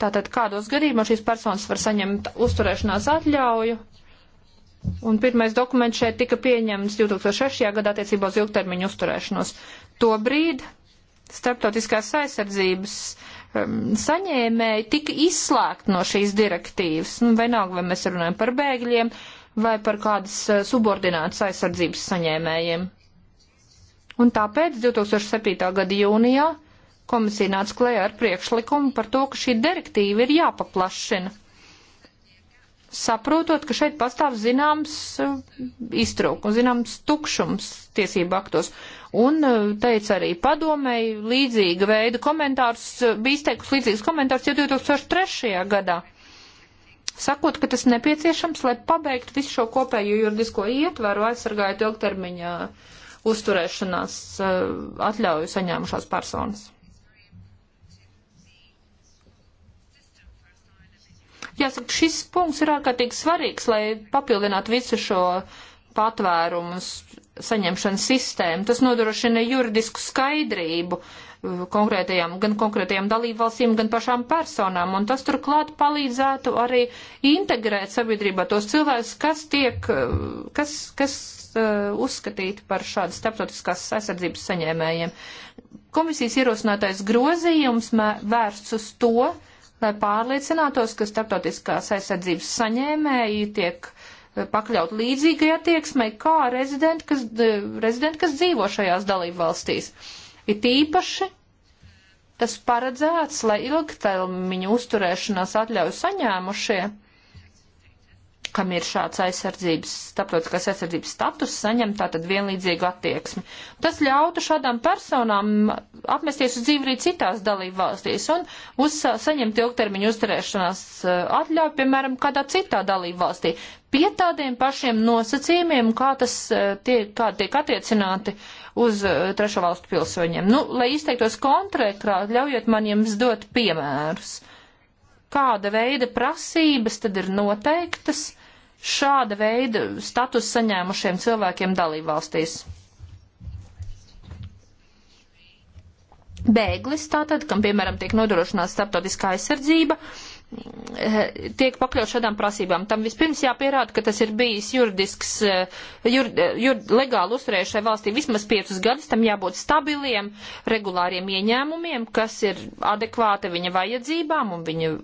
Speaker 3: Tātad kādos gadījumos šīs personas var saņemt uzturēšanās atļauju. Un pirmais dokuments šeit tika pieņemts 2006. gadā attiecībā uz ilgtermiņu uzturēšanos. Tobrīd starptautiskās aizsardzības um, saņēmēji tika izslēgt no šīs direktīvas. Nu, vienalga, vai mēs runājam par bēgļiem vai par kādas uh, subordinātas aizsardzības saņēmējiem. Un tāpēc 2007. gada jūnijā Komisija nāca klējā ar priekšlikumu par to, ka šī direktīva ir jāpaplašina. Saprotot, ka šeit pastāv zināms eh, iztrūkums, zināms tukšums tiesību aktos. Un eh, teica arī padomēji līdzīga veida komentārs, eh, bija izteikusi līdzīgs komentārs jau 2003. gadā sakot, ka tas nepieciešams, lai pabeigtu visu šo kopējo juridisko ietveru, aizsargājot ilgtermiņa uzturēšanās atļauju saņēmušās personas. Jāsaka, šis punkts ir ārkārtīgi svarīgs, lai papildinātu visu šo patvērumu saņemšanas sistēmu. Tas nodrošina juridisku skaidrību uh, konkrētajām, gan konkrētajām dalībvalstīm, gan pašām personām, un tas turklāt palīdzētu arī integrēt sabiedrībā tos cilvēkus, kas tiek, uh, kas, kas uh, uzskatīti par šādu starptautiskās aizsardzības saņēmējiem. Komisijas ierosinātais grozījums vērsts uz to, lai pārliecinātos, ka starptautiskās aizsardzības saņēmēji tiek eh, pakļaut līdzīgai attieksmei kā rezidenti, kas, rezidenti, kas dzīvo šajās dalību valstīs. Ir tīpaši tas paredzēts, lai ilgtermiņu uzturēšanās atļauju saņēmušie kam ir šāds aizsardzības, starptautiskās aizsardzības status, saņem tātad vienlīdzīgu attieksmi. Tas ļautu šādām personām apmesties uz dzīvi arī citās dalību valstīs un uz, saņemt ilgtermiņu uzturēšanās eh, atļauju, piemēram, kādā citā dalību valstī, pie tādiem pašiem nosacījumiem, kā tas eh, tiek, kā tiek attiecināti uz eh, trešo valstu pilsoņiem. Nu, lai izteiktos konkrētāk, ļaujiet man jums dot piemērus kāda veida prasības tad ir noteiktas šāda veida status saņēmušiem cilvēkiem dalībvalstīs. Bēglis tātad, kam piemēram tiek nodrošināta starptautiskā aizsardzība, eh, tiek pakļauts šādām prasībām. Tam vispirms jāpierāda, ka tas ir bijis juridisks, eh, jur, eh, jur, legāli uzturējušai valstī vismaz piecus gadus, tam jābūt stabiliem, regulāriem ieņēmumiem, kas ir adekvāti viņa vajadzībām un viņa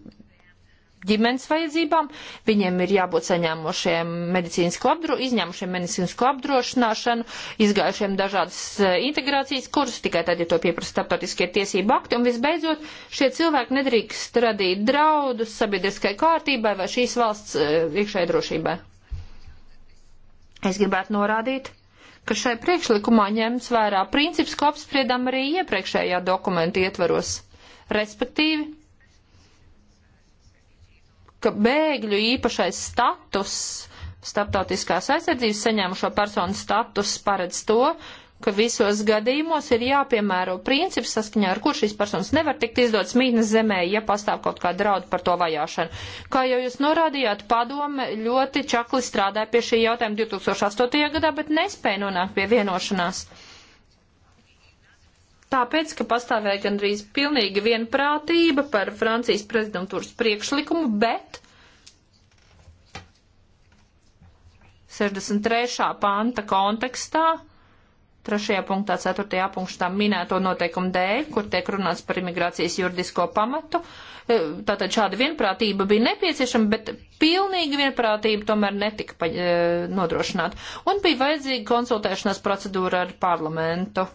Speaker 3: ģimenes vajadzībām, viņiem ir jābūt saņēmušiem medicīnisko apdro, izņēmušiem medicīnisko apdrošināšanu, izgājušiem dažādas e, integrācijas kursus, tikai tad, ja to pieprasa starptautiskie tiesību akti, un visbeidzot, šie cilvēki nedrīkst radīt draudus sabiedriskai kārtībai vai šīs valsts e, iekšējai drošībai. Es gribētu norādīt, ka šai priekšlikumā ņems vērā princips, ko apspriedām arī iepriekšējā dokumenta ietvaros, respektīvi ka bēgļu īpašais status, starptautiskās aizsardzības saņēmušo personu status paredz to, ka visos gadījumos ir jāpiemēro princips, saskaņā ar kur šīs personas nevar tikt izdotas mītnes zemē, ja pastāv kaut kāda drauda par to vajāšanu. Kā jau jūs norādījāt, padome ļoti čakli strādāja pie šī jautājuma 2008. gadā, bet nespēja nonākt pie vienošanās. Tāpēc, ka pastāvēja gandrīz pilnīga vienprātība par Francijas prezidentūras priekšlikumu, bet 63. panta kontekstā, 3. punktā, 4. punktā minēto noteikumu dēļ, kur tiek runāts par imigrācijas juridisko pamatu, e, tātad šāda vienprātība bija nepieciešama, bet pilnīga vienprātība tomēr netika e, nodrošināta. Un bija vajadzīga konsultēšanās procedūra ar parlamentu.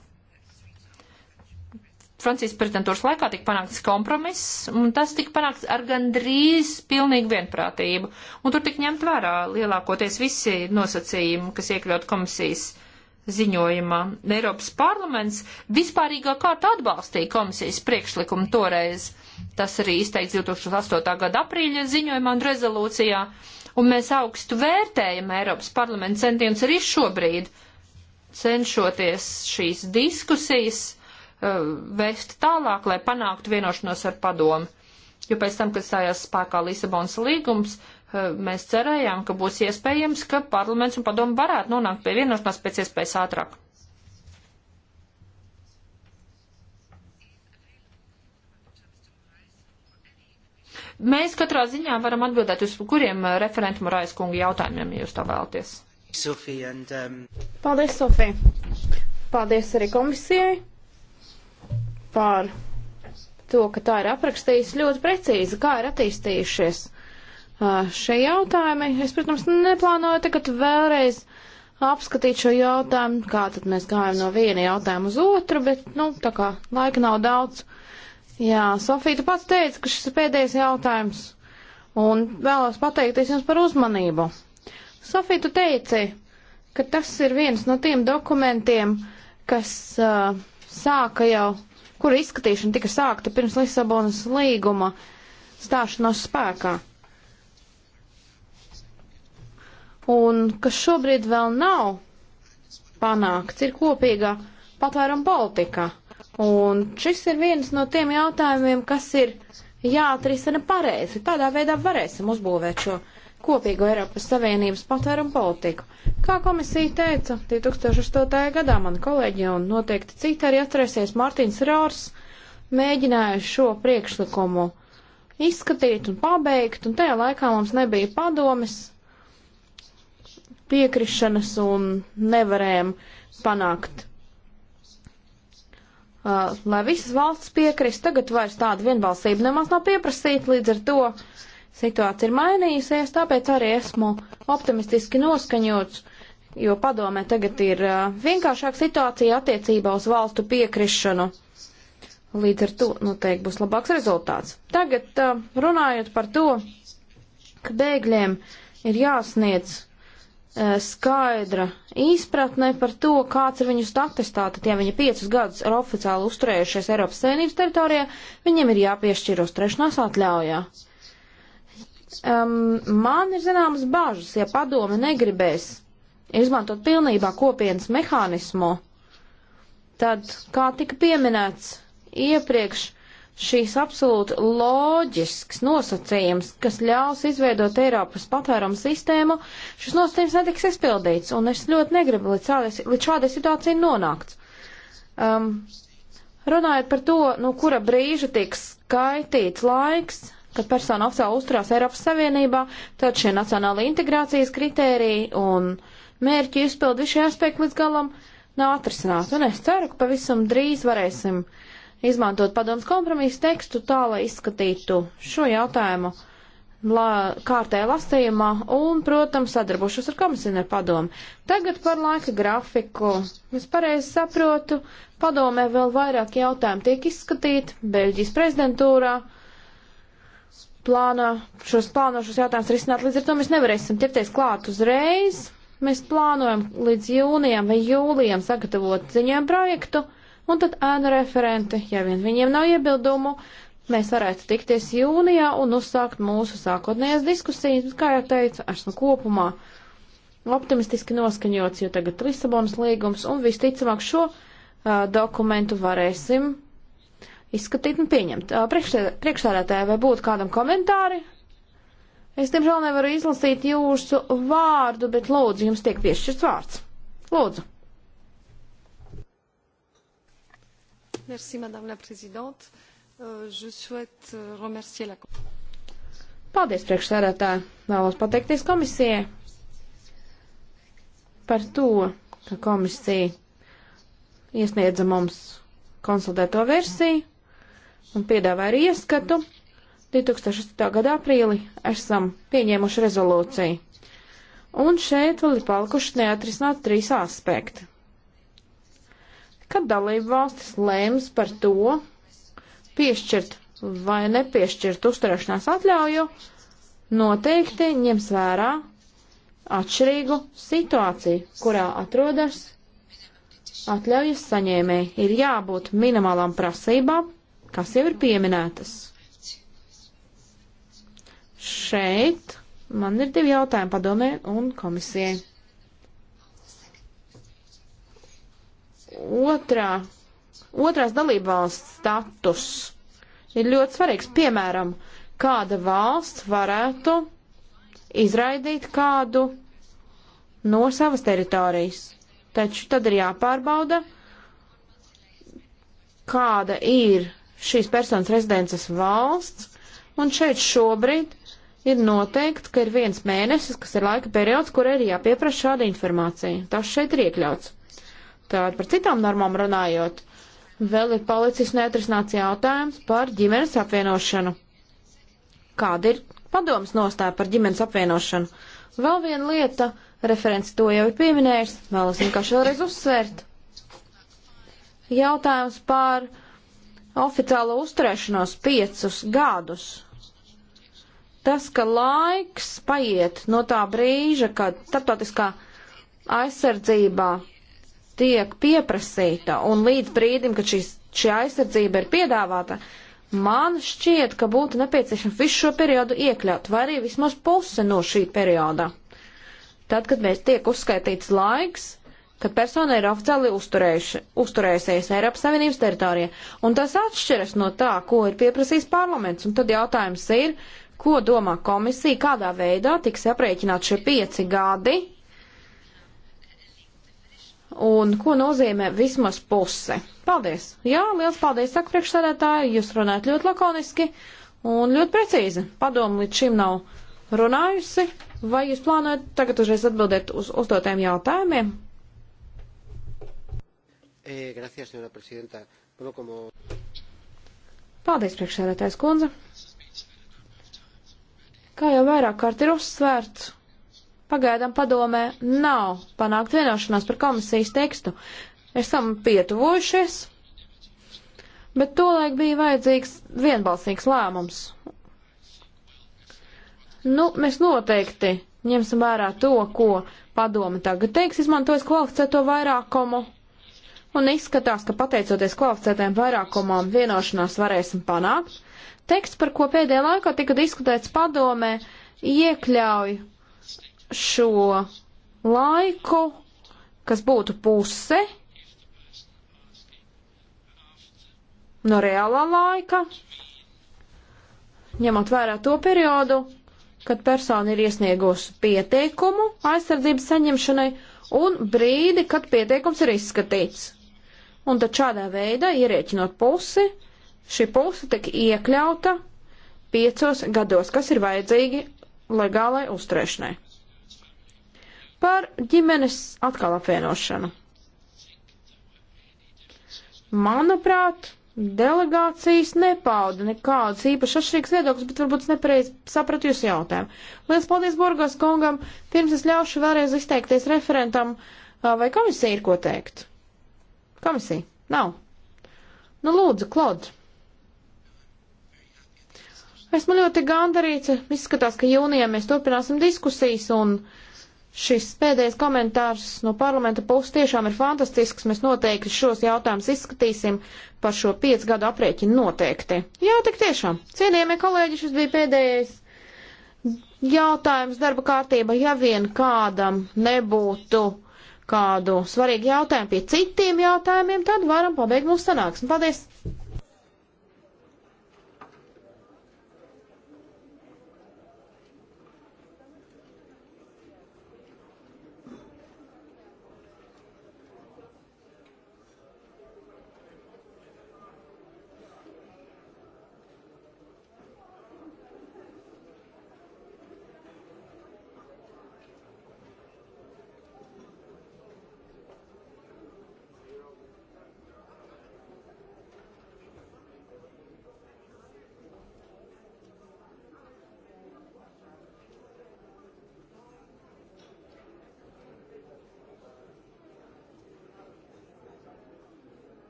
Speaker 3: Francijas prezidentūras laikā tika panākts kompromiss, un tas tika panākts ar gandrīz pilnīgu vienprātību. Un tur tika ņemt vērā lielākoties visi nosacījumi, kas iekļaut komisijas ziņojumā. Eiropas parlaments vispārīgā kārta atbalstīja komisijas priekšlikumu toreiz. Tas arī izteikts 2008. gada aprīļa ziņojumā un rezolūcijā, un mēs augstu vērtējam Eiropas parlamenta centienus arī šobrīd, cenšoties šīs diskusijas Eh, vest tālāk, lai panāktu vienošanos ar padomu. Jo pēc tam, kad stājās spēkā Lisabonas līgums, eh, mēs cerējām, ka būs iespējams, ka parlaments un padomu varētu nonākt pie vienošanās pēc iespējas ātrāk. Mēs katrā ziņā varam atbildēt uz kuriem eh, referentu Morais kungu jautājumiem, ja jūs tā vēlaties.
Speaker 1: Sofija and, um...
Speaker 3: Paldies, Sofija. Paldies arī komisijai
Speaker 4: par to, ka tā ir aprakstījusi ļoti precīzi, kā ir attīstījušies šie jautājumi. Es, protams, neplānoju tagad vēlreiz apskatīt šo jautājumu, kā tad mēs gājam no viena jautājuma uz otru, bet, nu, tā kā laika nav daudz. Jā, Sofija, tu pats teici, ka šis ir pēdējais jautājums, un vēlos pateikties jums par uzmanību. Sofija, tu teici, ka tas ir viens no tiem dokumentiem, kas uh, sāka jau kura izskatīšana tika sākta pirms Lisabonas līguma stāšanos spēkā. Un kas šobrīd vēl nav panākts, ir kopīga patvēruma politika. Un šis ir viens no tiem jautājumiem, kas ir jāatrisina pareizi. Tādā veidā varēsim uzbūvēt šo kopīgo Eiropas Savienības patvērumu politiku. Kā komisija teica, 2008. gadā mani kolēģi un noteikti citi arī atcerēsies Mārtiņš Rārs mēģināja šo priekšlikumu izskatīt un pabeigt, un tajā laikā mums nebija padomis piekrišanas un nevarējām panākt Uh, lai visas valsts piekrist, tagad vairs tāda vienbalsība nemaz nav pieprasīta, līdz ar to situācija ir mainījusies, tāpēc arī esmu optimistiski noskaņots, jo padomē tagad ir vienkāršāka situācija attiecībā uz valstu piekrišanu. Līdz ar to noteikti nu, būs labāks rezultāts. Tagad runājot par to, ka bēgļiem ir jāsniedz skaidra izpratne par to, kāds ir viņu status. Tātad, ja viņi piecus gadus ir oficiāli uzturējušies Eiropas Savienības teritorijā, viņiem ir jāpiešķir uzturēšanās atļaujā. Uh, um, man ir zināmas bažas, ja padome negribēs izmantot pilnībā kopienas mehānismu, tad, kā tika pieminēts iepriekš, šīs absolūti loģisks nosacījums, kas ļaus izveidot Eiropas patvērumu sistēmu, šis nosacījums netiks izpildīts, un es ļoti negribu līdz, šādai, līdz šādai situācijai nonākt. Um, runājot par to, no nu, kura brīža tiek skaitīts laiks, kad persona oficiāli uzturās Eiropas Savienībā, tad šie nacionāla integrācijas kritēriji un mērķi izpildu visi aspekti līdz galam nav atrisināti. Un es ceru, ka pavisam drīz varēsim izmantot padomus kompromisu tekstu tā, lai izskatītu šo jautājumu la, kārtē lastījumā un, protams, sadarbošos ar komisiju ar padomu. Tagad par laika grafiku. Es pareizi saprotu, padomē vēl vairāk jautājumu tiek izskatīti Beļģijas prezidentūrā plāno šos plānošos jautājumus risināt. Līdz ar to mēs nevarēsim ķerties klāt uzreiz. Mēs plānojam līdz jūnijam vai jūlijam sagatavot ziņojumu projektu, un tad ēnu referenti, ja vien viņiem nav iebildumu, mēs varētu tikties jūnijā un uzsākt mūsu sākotnējās diskusijas, kā jau teicu, esmu kopumā optimistiski noskaņots, jo tagad Lisabonas līgums un visticamāk šo uh, dokumentu varēsim izskatīt un pieņemt. Priekšstādātāji, vai būtu kādam komentāri? Es, diemžēl, nevaru izlasīt jūsu vārdu, bet lūdzu, jums tiek piešķirts
Speaker 1: vārds. Lūdzu. Merci, madame la présidente. Euh, je souhaite euh, remercier la
Speaker 4: Paldies, priekšsēdētāji. Vēlos pateikties komisijai par to, ka komisija iesniedza mums konsultēto versiju un piedāvāja arī ieskatu. 2008. gada aprīlī esam pieņēmuši rezolūciju. Un šeit vēl ir palikuši neatrisināt trīs aspekti. Kad dalību valstis lēms par to piešķirt vai nepiešķirt uzturēšanās atļauju, noteikti ņems vērā atšķirīgu situāciju, kurā atrodas atļaujas saņēmēji. Ir jābūt minimālām prasībām kas jau ir pieminētas. Šeit man ir divi jautājumi padomē un komisijai. Otrā, otrās dalībvalsts status ir ļoti svarīgs. Piemēram, kāda valsts varētu izraidīt kādu no savas teritorijas. Taču tad ir jāpārbauda, kāda ir šīs personas rezidences valsts, un šeit šobrīd ir noteikts, ka ir viens mēnesis, kas ir laika periods, kur ir jāpieprasa šāda informācija. Tas šeit ir iekļauts. Tātad par citām normām runājot, vēl ir palicis neatrisināts jautājums par ģimenes apvienošanu. Kāda ir padomas nostāja par ģimenes apvienošanu? Vēl viena lieta, referents to jau ir pieminējis, vēlos vienkārši vēlreiz uzsvērt. Jautājums par uh, oficiālo uzturēšanos piecus gadus. Tas, ka laiks paiet no tā brīža, kad starptautiskā aizsardzībā tiek pieprasīta un līdz brīdim, kad šis, šī aizsardzība ir piedāvāta, man šķiet, ka būtu nepieciešams visu šo periodu iekļaut, vai arī vismaz puse no šī perioda. Tad, kad mēs tiek uzskaitīts laiks, kad persona ir oficiāli uzturējusies Eiropas Savienības teritorijā. Un tas atšķiras no tā, ko ir pieprasījis parlaments. Un tad jautājums ir, ko domā komisija, kādā veidā tiks aprēķināt šie pieci gadi un ko nozīmē vismaz puse. Paldies! Jā, liels paldies, saka priekšsēdētāji, jūs runājat ļoti lakoniski un ļoti precīzi. Padomu līdz šim nav runājusi, vai jūs plānojat tagad uzreiz atbildēt uz uzdotiem jautājumiem?
Speaker 2: E, gracias, senora presidenta. Bueno, como...
Speaker 4: Paldies, priekšsēdētājs kundze. Kā jau vairāk kārt ir uzsvērts, pagaidām padomē nav panākt vienošanās par komisijas tekstu. Esam pietuvojušies, bet tolaik bija vajadzīgs vienbalsīgs lēmums. Nu, mēs noteikti ņemsim vērā to, ko padome tagad teiks, izmantojot kvalificēto vairākumu un izskatās, ka pateicoties kvalificētēm vairākumam vienošanās varēsim panākt. Teksts, par ko pēdējā laikā tika diskutēts padomē, iekļauj šo laiku, kas būtu puse no reālā laika, ņemot vērā to periodu, kad persona ir iesniegusi pieteikumu aizsardzības saņemšanai un brīdi, kad pieteikums ir izskatīts. Un tad šādā veidā, ierēķinot pusi, šī puse tiek iekļauta piecos gados, kas ir vajadzīgi legālai uzturēšanai. Par ģimenes atkal apvienošanu. Manuprāt, delegācijas nepauda nekādas īpaši atšķirīgas viedokļas, bet varbūt es nepareizi sapratu jūsu jautājumu. Lielas paldies Borgos kungam. Pirms es ļaušu vēlreiz izteikties referentam, vai komisija ir ko teikt? Komisija. Nav. Nu, lūdzu, Klod. Esmu ļoti gandarīts. Izskatās, ka jūnijā mēs turpināsim diskusijas un šis pēdējais komentārs no parlamenta puses tiešām ir fantastisks. Mēs noteikti šos jautājumus izskatīsim par šo piecu gadu aprēķinu noteikti. Jā, tik tiešām. Cienījamie kolēģi, šis bija pēdējais jautājums darba kārtība. Ja vien kādam nebūtu kādu svarīgu jautājumu pie citiem jautājumiem, tad varam pabeigt mūsu sanāksmi. Paldies!